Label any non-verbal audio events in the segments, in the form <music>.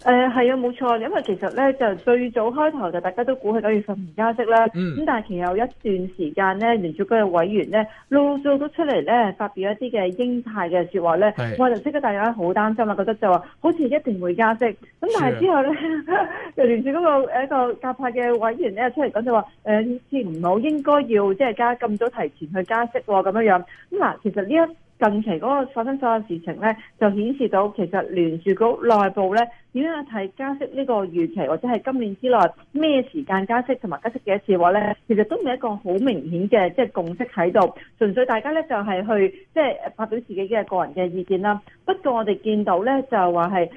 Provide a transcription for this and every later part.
誒係、呃、啊，冇錯，因為其實咧就最早開頭就大家都估佢九月份唔加息啦。咁、嗯、但係其實有一段時間咧，聯儲局嘅委員咧，陸陸續續都出嚟咧，發表一啲嘅鷹派嘅説話咧，我是就即刻大家好擔心啦，覺得就話好似一定會加息。咁但係之後咧，就、啊、 <laughs> 聯儲嗰個一個鴿派嘅委員咧出嚟講就話誒、呃，先唔好應該要即係加咁早提前去加息喎咁樣樣。咁、嗯、嗱、啊，其實呢一近期嗰個發生所有事情咧，就顯示到其實聯儲局內部咧，點樣睇加息呢個預期，或者係今年之內咩時間加息，同埋加息幾多次嘅話咧，其實都唔係一個好明顯嘅，即係共識喺度。純粹大家咧就係去即係發表自己嘅個人嘅意見啦。不過我哋見到咧就話係誒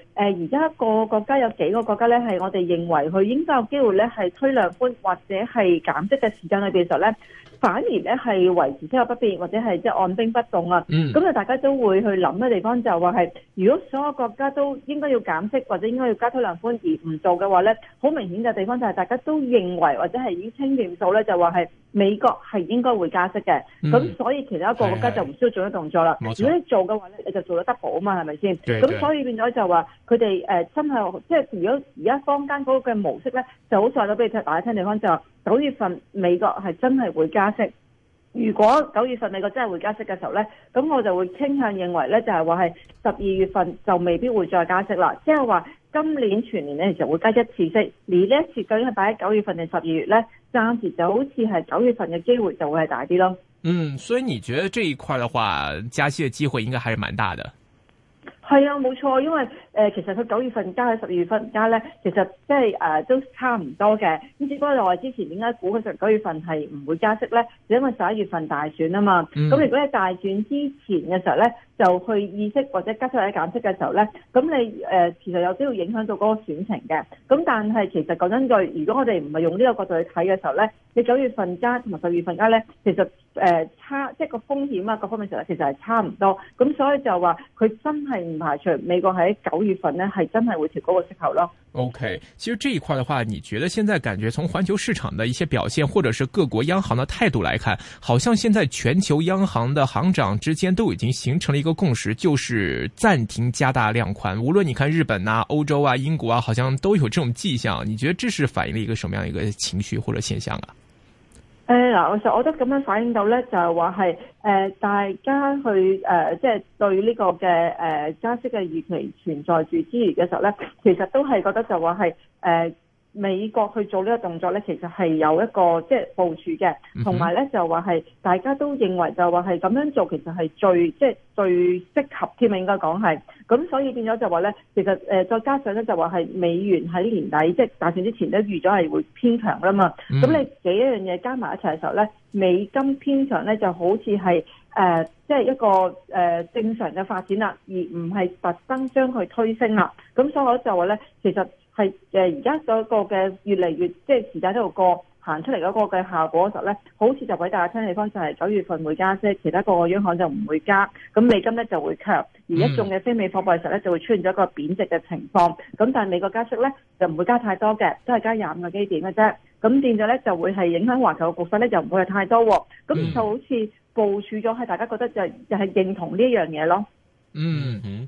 而家個國家有幾個國家咧係我哋認為佢應該有機會咧係推量寬或者係減息嘅時間裏邊嘅時候咧，反而咧係維持息率不變或者係即係按兵不動啊。咁，嗯，就大家都會去諗嘅地方就話係如果所有國家都應該要減息或你應該要加推量寬，而唔做嘅話咧，好明顯嘅地方就係大家都認為或者係已經清掂數咧，就話係美國係應該會加息嘅。咁、嗯、所以其他一個國家就唔需要做一動作啦。錯如果你做嘅話咧，你就做咗 double 啊嘛，係咪先？咁所以變咗就話佢哋誒真係，即係如果而家坊間嗰個嘅模式咧，就好似話俾你聽，大家聽地方就話九月份美國係真係會加息。如果九月份美國真係會加息嘅時候呢，咁我就會傾向認為呢，就係話係十二月份就未必會再加息啦。即係話今年全年呢其實會加一次息，而呢一次究竟係擺喺九月份定十二月呢？暫時就好似係九月份嘅機會就會係大啲咯。嗯，所以你覺得這一塊嘅話，加息嘅機會應該還是蠻大嘅。係啊，冇錯，因為誒、呃、其實佢九月份加，喺十二月份加咧，其實即係誒都差唔多嘅。咁只不過我話之前點解估佢十九月份係唔會加息咧？就因為十一月份大選啊嘛。咁、嗯、如果喺大選之前嘅時候咧。就去意識或者加息或者減息嘅時候咧，咁你誒、呃、其實有啲會影響到嗰個選情嘅。咁但係其實講真句，如果我哋唔係用呢個角度去睇嘅時候咧，你九月份加同埋十月份加咧，其實誒、呃、差即係個風險啊，各方面成日其實係差唔多。咁所以就話佢真係唔排除美國喺九月份咧係真係會調高個息頭咯。OK，其實這一塊嘅話，你覺得現在感覺從環球市場的一些表現，或者是各國央行嘅態度來看，好像現在全球央行嘅行長之間都已經形成了，一個共識就是暫停加大量寬，無論你看日本啊、歐洲啊、英國啊，好像都有這種跡象。你覺得這是反映了一個什麼樣一個情緒或者現象啊？誒嗱、呃，其實我都咁樣反映到咧，就係話係誒，大家去誒、呃，即係對呢個嘅誒、呃、加息嘅預期存在住之餘嘅時候咧，其實都係覺得就話係誒。呃美國去做呢個動作咧，其實係有一個即係、就是、部署嘅，同埋咧就話係大家都認為就話係咁樣做其是、就是是，其實係最即係最適合添啊，應該講係。咁所以變咗就話咧，其實誒再加上咧就話係美元喺年底即係、就是、大選之前咧預咗係會偏強啦嘛。咁、嗯、你幾一樣嘢加埋一齊嘅時候咧，美金偏強咧就好似係誒即係一個誒、呃、正常嘅發展啦，而唔係特登將佢推升啦。咁所以我就話咧，其實。係誒，而家嗰個嘅越嚟越即係時間喺度過行出嚟嗰個嘅效果嘅時候咧，好似就畀大家聽嘅地方就係九月份會加息，其他個個央行就唔會加，咁美金咧就會強，而一眾嘅非美貨幣實咧就會出現咗一個貶值嘅情況。咁但係美國加息咧就唔會加太多嘅，都係加廿五個基點嘅啫。咁變咗咧就會係影響環球嘅局勢咧，就唔會係太多喎。咁就好似部署咗係大家覺得就係、就係、係、認同呢一樣嘢咯。嗯。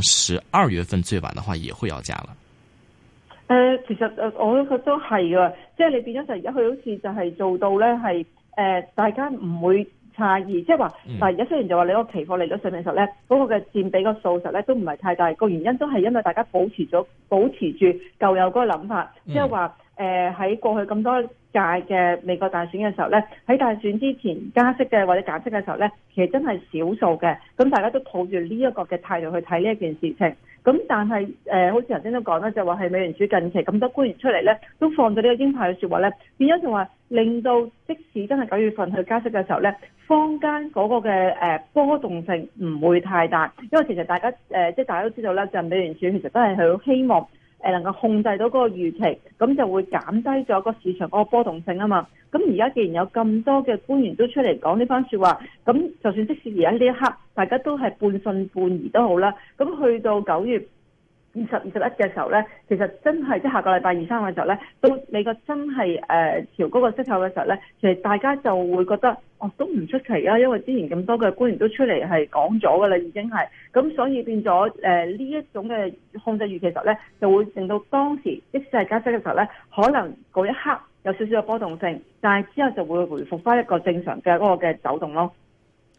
十二月份最晚嘅話也會要加了。誒，其實誒，我覺得都係噶，即係你變咗就而家佢好似就係做到咧，係誒大家唔會詫異，即係話，但係而家雖然就話你個期貨利率上升時候咧，嗰個嘅佔比個數實咧都唔係太大，個原因都係因為大家保持咗保持住舊有嗰個諗法，即係話。誒喺、呃、過去咁多屆嘅美國大選嘅時候咧，喺大選之前加息嘅或者減息嘅時候咧，其實真係少數嘅。咁大家都抱住呢一個嘅態度去睇呢一件事情。咁但係誒、呃，好似頭先都講啦，就話係美聯儲近期咁多官員出嚟咧，都放咗呢個鷹派嘅説話咧，變咗就話令到即使真係九月份去加息嘅時候咧，坊間嗰個嘅誒波動性唔會太大，因為其實大家誒、呃、即係大家都知道啦，就美聯儲其實都係佢好希望。誒能夠控制到嗰個預期，咁就會減低咗個市場個波動性啊嘛。咁而家既然有咁多嘅官員都出嚟講呢番説話，咁就算即使而家呢一刻大家都係半信半疑都好啦，咁去到九月。二十二十一嘅時候呢，其實真係即係下個禮拜二三嘅時候呢，到美國真係誒調高個息口嘅時候呢，其實大家就會覺得哦，都唔出奇啦，因為之前咁多嘅官員都出嚟係講咗㗎啦，已經係咁，所以變咗誒呢一種嘅控制預期，其實呢，就會令到當時即使係加息嘅時候呢，可能嗰一刻有少少嘅波動性，但係之後就會回復翻一個正常嘅嗰個嘅走動咯。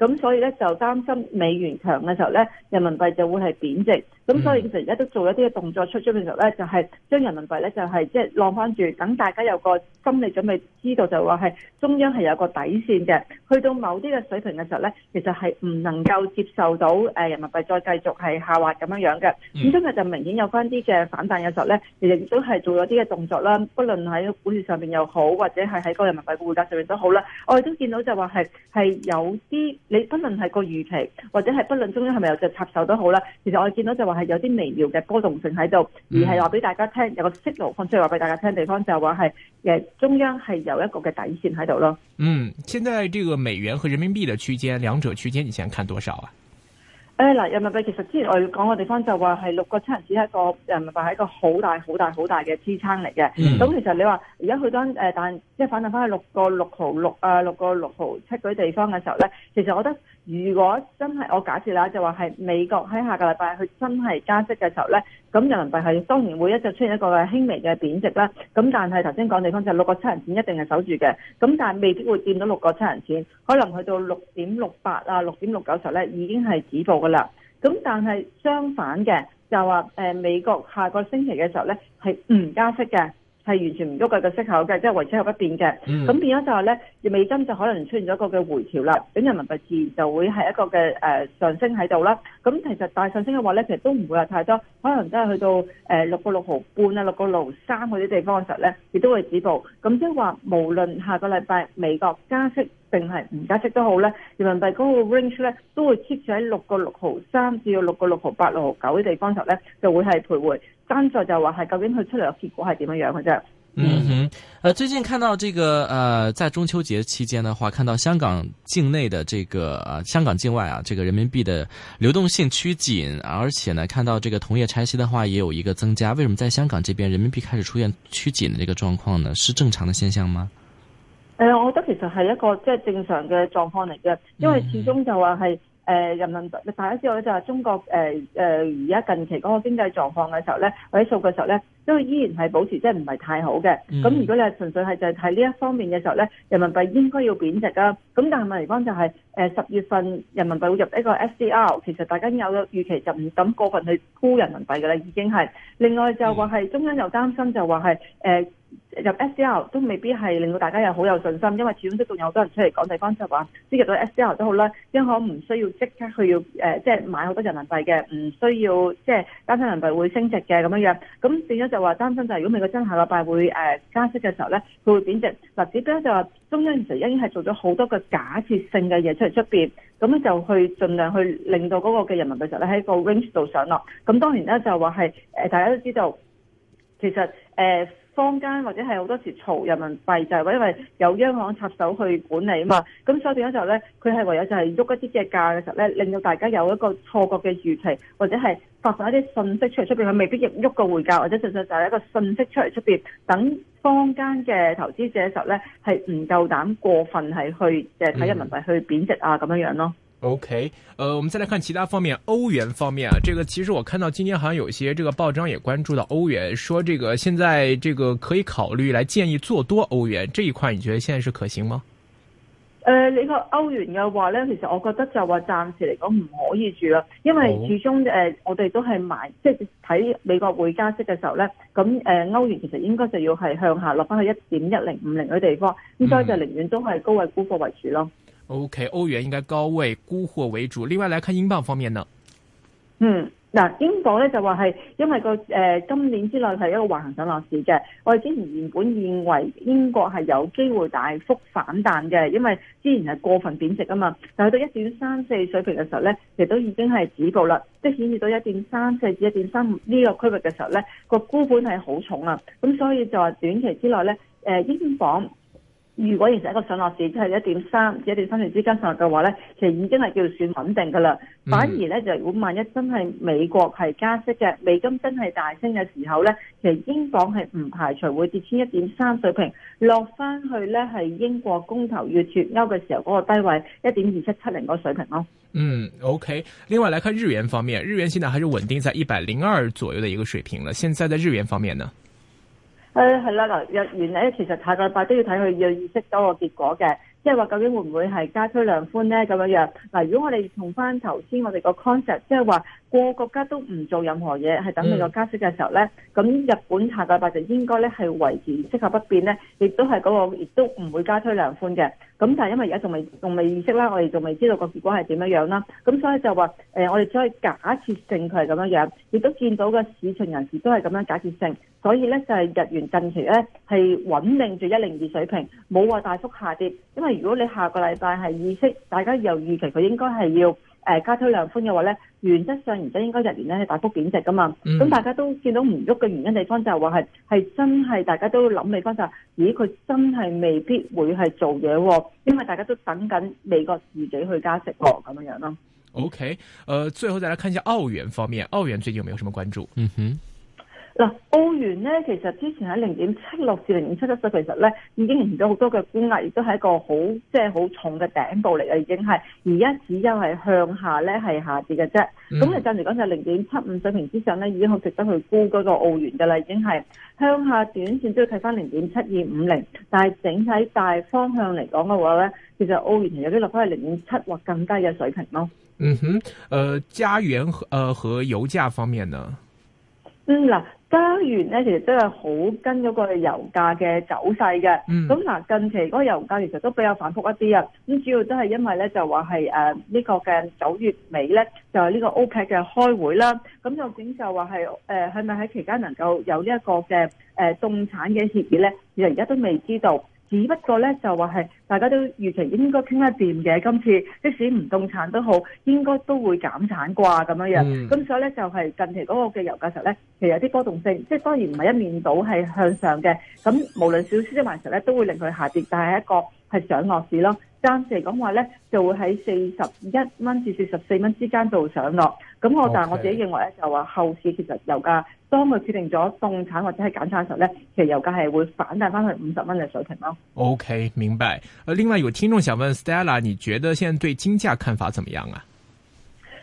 咁所以咧就擔心美元強嘅時候咧，人民幣就會係貶值。咁所以其實而家都做一啲嘅動作出出嚟嘅時候咧，就係將人民幣咧就係即係晾翻住，等大家有個心理準備，知道就話係中央係有個底線嘅。去到某啲嘅水平嘅時候咧，其實係唔能夠接受到誒人民幣再繼續係下滑咁樣樣嘅。咁今日就明顯有翻啲嘅反彈嘅時候咧，其實亦都係做咗啲嘅動作啦。不論喺股市上面又好，或者係喺個人民幣匯價上面都好啦，我哋都見到就話係係有啲。你不論係個預期，或者係不論中央係咪有隻插手都好啦，其實我哋見到就話係有啲微妙嘅波動性喺度，而係話俾大家聽，有個 signal，放出去話俾大家聽地方就係話係中央係有一個嘅底線喺度咯。嗯，現在這個美元和人民幣的區間，兩者區間你先看多少啊？誒嗱，人民幣其實之前我哋講嘅地方就話係六個七人錢係一個人民幣係一個好大好大好大嘅支撐嚟嘅，嗯。咁其實你話而家去當但即係反彈翻去六個六毫六啊，六個六毫七嗰啲地方嘅時候咧，其實我覺得如果真係我假設啦，就話係美國喺下個禮拜佢真係加息嘅時候咧，咁人民幣係當然會一直出現一個輕微嘅貶值啦。咁但係頭先講地方就六個七人錢一定係守住嘅。咁但係未必會跌到六個七人錢，可能去到六點六八啊，六點六九時候咧，已經係止步啦，咁但係相反嘅就話，誒、呃、美國下個星期嘅時候咧係唔加息嘅，係完全唔喐嘅個息口嘅，即係維持喺不的、嗯、變嘅。咁變咗就係咧，美金就可能出現咗一個嘅回調啦，咁人民幣自然就會係一個嘅誒、呃、上升喺度啦。咁其實大上升嘅話咧，其實都唔會話太多，可能都係去到誒六個六毫半啊，六個六三嗰啲地方嘅時候咧，亦都會止步。咁即係話，無論下個禮拜美國加息。定係唔加息都好咧，人民幣嗰個 range 咧都會 keep 喺六個六毫三至到六個六毫八、六毫九嘅地方時候咧，就會係徘徊。跟住就話係究竟佢出嚟嘅結果係點樣樣嘅啫。嗯哼，誒、呃、最近看到這個誒、呃，在中秋節期間的話，看到香港境內的這個誒、呃、香港境外啊，這個人民幣的流動性趨緊，而且呢看到這個同業拆息的話也有一個增加。為什麼在香港這邊人民幣開始出現趨緊嘅這個狀況呢？是正常嘅現象嗎？係、呃、我覺得其實係一個即係正常嘅狀況嚟嘅，因為始終就話係誒人民幣。大家知道咧，就係、是、中國誒誒而家近期嗰個經濟狀況嘅時候咧，或者數據嘅時候咧，都依然係保持即係唔係太好嘅。咁、嗯、如果你係純粹係就係睇呢一方面嘅時候咧，人民幣應該要貶值啦、啊。咁但係問題嚟講就係誒十月份人民幣會入一個 S C R，其實大家有咗預期就唔敢過分去沽人民幣嘅啦，已經係。另外就話係中央又擔心就話係誒。呃 S 入 S D L 都未必係令到大家又好有信心，因為始終都仲有好多人出嚟講，地方就話，即入到 S D L 都好啦，央行唔需要即刻去要誒，即、呃、係、就是、買好多人民幣嘅，唔需要即係擔心人民幣會升值嘅咁樣樣。咁變咗就話擔心就係、是、如果美國真下個幣會誒、呃、加息嘅時候咧，佢會貶值。嗱、呃，只不過就話中央其實已經係做咗好多嘅假設性嘅嘢出嚟出邊，咁咧就去盡量去令到嗰個嘅人民幣就咧喺個 range 度上，上落。咁當然咧就話係誒，大家都知道其實誒。呃坊間或者係好多時嘈人民幣就係話，因為有央行插手去管理啊嘛，咁所以變咗就咧，佢係唯有就係喐一啲嘅價嘅時候咧，令到大家有一個錯覺嘅預期，或者係發放一啲信息出嚟出邊，佢未必喐個匯價，或者純粹就係一個信息出嚟出邊，等坊間嘅投資者嘅時候咧係唔夠膽過分係去誒睇、就是、人民幣去貶值啊咁樣樣咯。OK，呃，我們再來看其他方面，歐元方面啊，這個其實我看到今天好像有些這個報章也關注到歐元，說這個現在這個可以考慮來建議做多歐元這一塊，你覺得現在是可行嗎？呃，你個歐元嘅話呢，其實我覺得就話暫時嚟講唔可以住咯，因為始終誒、哦呃，我哋都係賣，即係睇美國會加息嘅時候呢，咁、呃、誒，歐元其實應該就要係向下落翻去一點一零五零嘅地方，應該就寧願都係高位沽貨為主咯。嗯 OK，歐元應該高位沽貨為主。另外來看英鎊方面呢？嗯，嗱，英鎊咧就話係因為個誒、呃、今年之內係一個橫行上落市嘅。我哋之前原本認為英國係有機會大幅反彈嘅，因為之前係過分貶值啊嘛。但去到一點三四水平嘅時候咧，其實都已經係止步啦，即係顯示到一點三四至一點三五呢個區域嘅時候咧，個沽盤係好重啦。咁所以就話短期之內咧，誒、呃、英鎊。如果形成一個上落市，即係一點三至一點三零之間上落嘅話咧，其實已經係叫算穩定嘅啦。反而咧，就如果萬一真係美國係加息嘅，美金真係大升嘅時候咧，其實英鎊係唔排除會跌穿一點三水平，落翻去咧係英國公投要脫歐嘅時候嗰個低位一點二七七零嗰個水平咯。嗯，OK。另外嚟看日元方面，日元現在還是穩定在一百零二左右嘅一個水平喇。現在在日元方面呢？誒係啦，嗱，若然咧，原來其實下個禮拜都要睇佢要意識到個結果嘅，即係話究竟會唔會係加速量寬咧咁樣樣。嗱，如果我哋從翻頭先我哋個 concept，即係話。個國家都唔做任何嘢，係等佢個加息嘅時候咧。咁、嗯、日本下個禮拜就應該咧係維持息口不變咧，亦都係嗰、那個亦都唔會加推量寬嘅。咁但係因為而家仲未仲未意識啦，我哋仲未知道個結果係點樣樣啦。咁所以就話我哋只可以假設性佢係咁樣樣，亦都見到個市場人士都係咁樣假設性。所以咧就係日元近期咧係穩定住一零二水平，冇話大幅下跌。因為如果你下個禮拜係意識，大家又預期佢應該係要。誒、呃、加推量寬嘅話咧，原則上而家應該日元咧大幅貶值噶嘛。咁、嗯、大家都見到唔喐嘅原因地方就係話係真係大家都諗嘅地方就係、是，咦佢真係未必會係做嘢喎、哦，因為大家都等緊美國自己去加息喎、哦，咁、嗯、樣樣咯。OK，誒、呃、最後再嚟看一下澳元方面，澳元最近有冇有什麼關注？嗯哼。嗱，澳元咧，其實之前喺零點七六至零點七七水平，其實咧已經形成咗好多嘅沽壓，亦都係一個好即係好重嘅頂部嚟嘅，已經係而家只因係向下咧係下跌嘅啫。咁你暫時講就零點七五水平之上咧已經好值得去沽嗰個澳元噶啦，已經係向下短線都要睇翻零點七二五零，但係整體大方向嚟講嘅話咧，其實澳元有啲落翻去零點七或更低嘅水平咯。嗯哼，呃，加元和、呃、和油價方面呢？嗯嗱，加元咧，其實都係好跟嗰個油價嘅走勢嘅。咁嗱，近期嗰個油價其實都比較反覆一啲啊。咁主要都係因為咧，就話係誒呢個嘅九月尾咧，就係呢個 OPEC 嘅開會啦。咁究竟就話係誒係咪喺期間能夠有呢一個嘅誒凍產嘅協議咧？其實而家都未知道。只不過咧就話係大家都預期應該傾得掂嘅，今次即使唔凍產都好，應該都會減產啩咁樣樣。咁、嗯、所以咧就係近期嗰個嘅油價時呢，咧，其實有啲波動性，即係當然唔係一面倒係向上嘅。咁無論少輸出還是咧都會令佢下跌，但係一個係上落市咯。暫時嚟講話咧，就會喺四十一蚊至四十四蚊之間度上落。咁我、嗯、但係我自己認為咧，就話後市其實油價，當佢決定咗凍產或者係減產嘅時候咧，其實油價係會反彈翻去五十蚊嘅水平咯。OK，明白。誒，另外有聽眾想問 Stella，你覺得現在對金價看法點樣啊？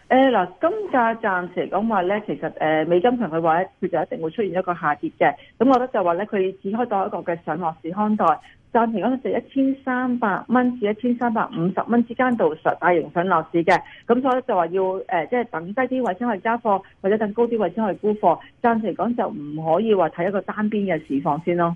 誒嗱、呃，金價暫時嚟講話咧，其實誒、呃、美金同佢話咧，佢就一定會出現一個下跌嘅。咁、嗯、我覺得就話咧，佢只可以當一個嘅上落市看待。暫時講咧就一千三百蚊至一千三百五十蚊之間度，實大型上落市嘅，咁所以就話要誒即係等低啲位先可以加貨，或者等高啲位先可以沽貨。暫時嚟講就唔可以話睇一個單邊嘅市況先咯。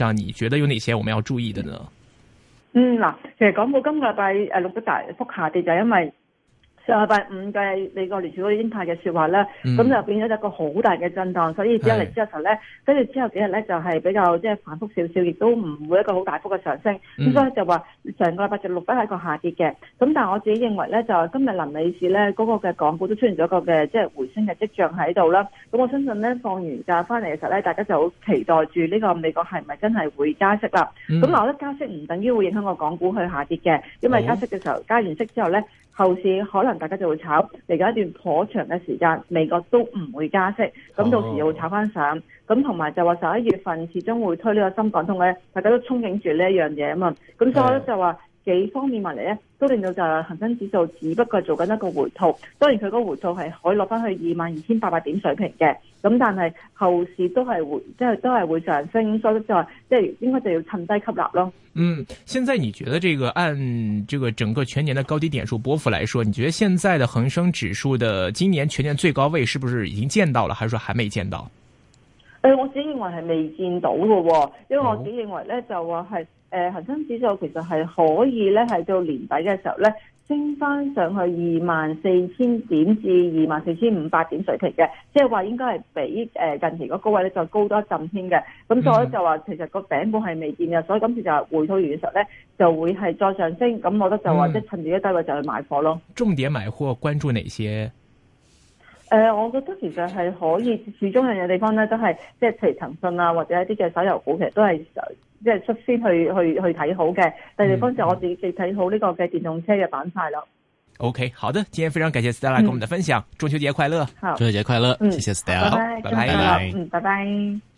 讓你覺得有哪些，我們要注意的呢？嗯，嗱，其實港股今個禮拜誒，錄得大幅下跌，就係因為。上禮拜五嘅美國聯儲會鷹派嘅説話咧，咁、嗯、就變咗一個好大嘅震盪，所以之後嚟之後嘅時候咧，跟住是之後幾日咧就係比較即係反覆少少，亦都唔會一個好大幅嘅上升。咁、嗯、所以就話上個禮拜就錄得係一個下跌嘅。咁但係我自己認為咧，就今日臨尾市咧，嗰、那個嘅港股都出現咗一個嘅即係回升嘅跡象喺度啦。咁我相信咧，放完假翻嚟嘅時候咧，大家就好期待住呢個美國係咪真係會加息啦？咁、嗯、我覺得加息唔等於會影響個港股去下跌嘅，因為加息嘅時候、哦、加完息之後咧。後市可能大家就會炒嚟緊一段頗長嘅時間，美國都唔會加息，咁到時又會炒翻上，咁同埋就話十一月份始終會推呢個深港通咧，大家都憧憬住呢一樣嘢啊嘛，咁所以我咧就話。幾方面問題咧，都令到就恒生指數只不過做緊一個回吐，當然佢嗰回吐係可以落翻去二萬二千八百點水平嘅，咁但係後市都係會即係都係會上升，所以即係即係應該就要趁低吸納咯。嗯，現在你覺得這個按這個整個全年的高低點數波幅來說，你覺得現在的恒生指數的今年全年最高位是不是已經見到了，還是說還沒見到？誒、呃，我自己認為係未見到嘅，因為我自己認為咧、哦、就話係。誒、呃，恒生指數其實係可以咧，喺到年底嘅時候咧，升翻上去二萬四千點至二萬四千五百點水平嘅，即係話應該係比誒、呃、近期個高位咧再高多一陣添嘅。咁所以就話其實個頂部係未見嘅，嗯、所以今次就係回吐完嘅時候咧，就會係再上升。咁我覺得就話即係趁住啲低位就去買貨咯、嗯。重點買貨關注哪些？誒、呃，我覺得其實係可以，始終有嘢地方咧都係，即係譬如騰訊啊，或者一啲嘅手遊股，其實都係即係率先去去去睇好嘅。第二、嗯、地方就係我哋嘅睇好呢個嘅電動車嘅板塊咯。OK，好的，今天非常感謝 Stella 同我哋嘅分享，嗯、中秋節快樂！好嗯、中秋節快樂，嗯，謝謝 Stella，拜拜，拜拜拜。